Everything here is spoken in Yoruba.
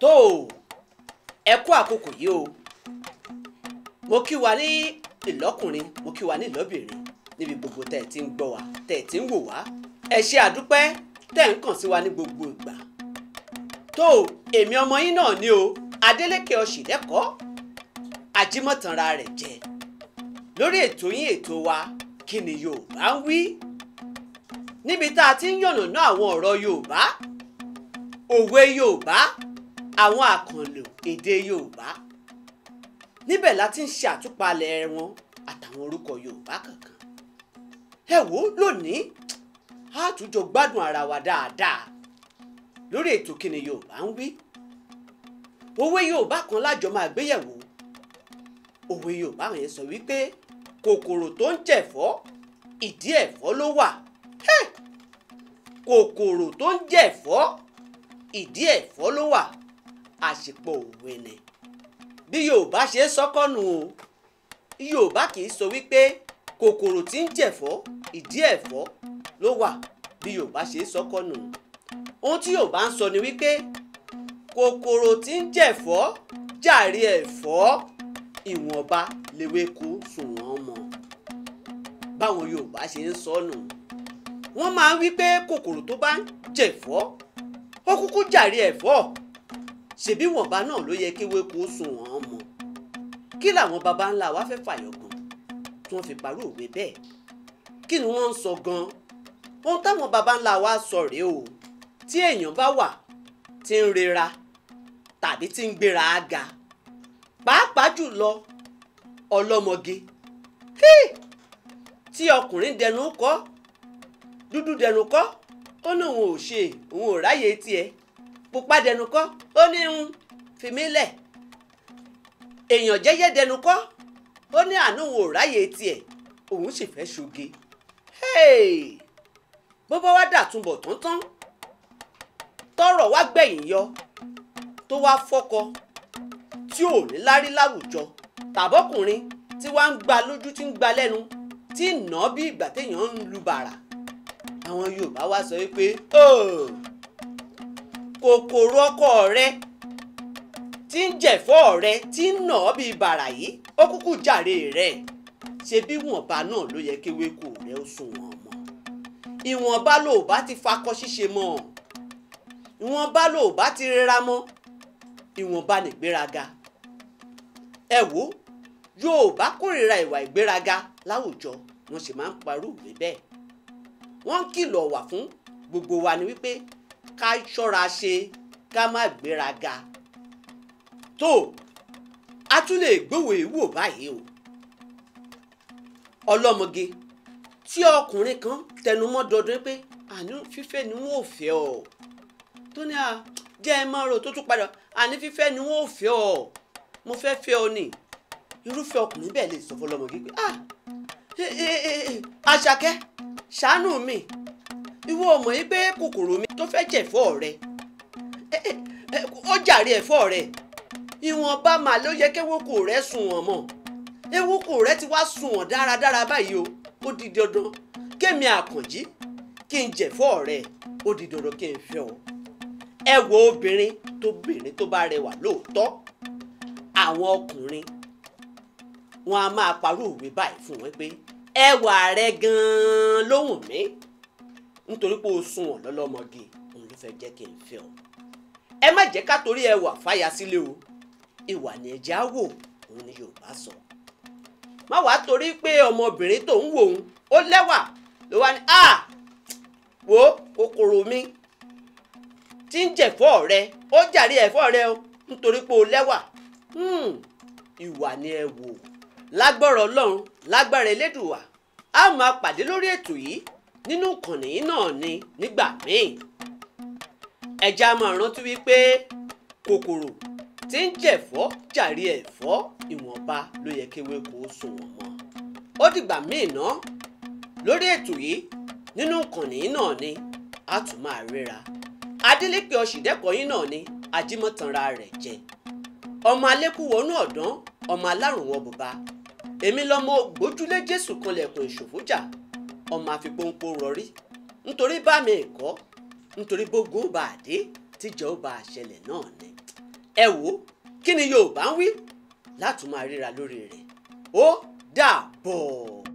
tó o ẹ kú àkókò yìí o mo kí wa ní ìlọ́kùnrin mo kí wa ní ìlọ́bìnrin níbi gbogbo tẹ́ ẹ ti ń gbọ́ wa tẹ́ ẹ ti ń wò wá ẹ ṣe àdúpẹ́ tẹ́ ẹ ń kàn sí wa ní gbogbo ìgbà tó o èmi ọmọ yín náà ni o Adélékè Ọ̀ṣìndẹ́kọ́ ajímọ̀tànra rẹ̀ jẹ lórí ètò yín ètò wa kí ni Yorùbá ń wí níbi tá a ti ń yànnàná àwọn ọ̀rọ̀ Yorùbá òwe Yorùbá àwọn àkànlò èdè yorùbá níbẹ̀ láti ń ṣe àtúpalẹ̀ wọn àtàwọn orúkọ yorùbá kankan ẹ wò ó lónìí a tún jọ gbádùn ara wa dáadáa lórí ètò kíni yorùbá ń wí òwe yorùbá kan lájọ máa gbéyẹ̀wò òwe yorùbá yẹn sọ wípé kòkòrò tó ń jẹ̀fọ́ ìdí ẹ̀fọ́ ló wà kòkòrò tó ń jẹ̀fọ́ ìdí ẹ̀fọ́ ló wà àṣìpò òwe ni bí yorùbá ṣe sọkọnù o yorùbá kì í sọ wípé kòkòrò tí ń jẹ̀fọ́ ìdí ẹ̀fọ́ ló wà bí yorùbá ṣe sọkọnù ohun tí yorùbá ń sọ ni wípé kòkòrò tí ń jẹ̀fọ́ jàre ẹ̀fọ́ ìwọ̀nba lewéko sùnwọ̀n mọ́ báwọn yorùbá ṣe ń sọ nù wọ́n máa ń wí pé kòkòrò tó bá ń jẹ̀fọ́ ó kúkú jàre ẹ̀fọ́ ṣèbí wọ̀nba náà ló yẹ kí wéku ó sùn wọ́n mọ́ kí làwọn baba ńlá wa fẹ́ fàyọ̀gàn tí wọ́n fi parú òwe bẹ́ẹ̀ kí ni wọ́n ń sọ gan-an ohun táwọn baba ńlá wa sọ rèé o tí èèyàn bá wà tí ń rera tàbí tí ń gbéra aga pàápàá jùlọ ọlọ́mọge tí ọkùnrin dẹnu kọ́ dúdú dẹnu kọ́ ó náà òun ò ṣe òun ò ráyè tiẹ̀ pupa dẹnu kọ́ ó ní ń fi mí lẹ̀ èèyàn jẹ́yẹ́ dẹnu kọ́ ó ní àánú òun ò ráyè tiẹ̀ òun sì fẹ́ ṣoge bó bá wá dàtúbọ̀ tántán tọ́rọ̀ wá gbẹ̀yìn yọ tó wá fọ́kọ tí ò ní lárí láwùjọ tàbọ́kùnrin tí wàá ń gba lójú tí ń gba lẹ́nu tí ń ná bí ìgbà téèyàn ń lu bàrà àwọn Yorùbá wá sọ wípé ooo. Oh! kòkòrò ọkọ rẹ tí ń jẹ̀fọ́ rẹ tí ń nà ọ́ bíi bàrà yìí ó kúkú jàre rẹ̀ ṣe bí wọ̀nba náà ló yẹ kéwéko rẹ ó sùn wọ̀n mọ́ ìwọ̀nba ló bá ti fakọ ṣíṣe mọ́ ọ ìwọ̀nba ló bá ti rẹra mọ́ ìwọ̀nba nìgbéraga ẹ wo Yorùbá kórìíra ìwà ìgbéraga láwùjọ wọn sì máa ń parú ìwé bẹ́ẹ̀ wọ́n kìlọ̀ wà fún gbogbo wa ni wípé ká ṣọ́ra ṣe ká má gbéraga tó a tún lè gbówèé wò báyìí o ọlọ́mọge tí ọkùnrin kan tẹnumọ́ dọdún pé àní fífẹ́ ni wọ́n ò fẹ́ ọ tó ní à jẹ́ ẹ máa rò tó tún padà àní fífẹ́ ni wọ́n ò fẹ́ ọ mo fẹ́ fẹ́ ọ ni irúfẹ́ ọkùnrin bẹ́ẹ̀ lè sọ fọlọ́mọge pé ah àṣàkẹ́ ṣàánú mi ìwọ ọmọ yìí pé kòkòrò mi tó fẹ́ jẹ ẹ̀fọ́ rẹ eh, eh, eh, ó jàre ẹ̀fọ́ rẹ ìwọ̀nba mà ló yẹ kéwòkò rẹ sùn wọ̀n mọ̀ ewúkò rẹ ti wá sùn wọ̀n dáradára báyìí o ó di dandan kémi àkànjí kí n jẹ̀fọ́ rẹ ó di dandan kí n fẹ́ ọ ẹ wo obìnrin tó bìnrin tó bá rẹwà lóòótọ́ àwọn ọkùnrin wọn a máa parú òwe báyìí fún wọn pé ẹwà rẹ gan ló wù mí nítorí pé o sùn wọn lọ́lọ́mọge òun ló fẹ́ jẹ́ kí n fẹ́ ọ. ẹ má jẹ́ ká torí ẹwà fàyà sílé o ìwà ni ẹ̀jẹ̀ á wò òun ni Yorùbá sọ. má wàá torí pé ọmọbìnrin tó ń wò òun ó lẹ́wà ló wá ní à wo kòkòrò mi tí ń jẹ̀fọ́ rẹ ó jàre ẹ̀fọ́ rẹ o nítorí pé o lẹ́wà hmm, ìwà ni ẹ wò lágbára Ọlọ́run lágbára Elédùwà a máa pàdé lórí ètò yìí nínú kànnì náà ni nígbà míì ẹja máa rántí wípé kòkòrò tí ń jẹ̀fọ́ jàre ẹ̀fọ́ ìwọ̀nba ló yẹ kéwé kó sùn wọ́n mọ́ ó dìgbà míì ná lórí ètò yìí nínú kànnì náà ni a tún máa ríra Adeleke Ọ̀ṣìndẹ́kọ̀yìn náà ni ajímọ̀tanra rẹ̀ jẹ ọmọ alẹ́kùwọ́nú ọ̀dán ọmọ alárùnwọ̀ bùbá èmi lọmọ ògbójúlé Jésù kanlẹ̀kùn ìṣòfújà ọmọ àfipónpó rọrí nítorí bá mi ẹ̀kọ́ nítorí bógun ó bá a dé tíjọ́ ó bá a ṣẹlẹ̀ náà ni. ẹ wo kí ni Yorùbá ń wí látùmọ̀ àríra lórí rẹ̀ ó dà bọ̀.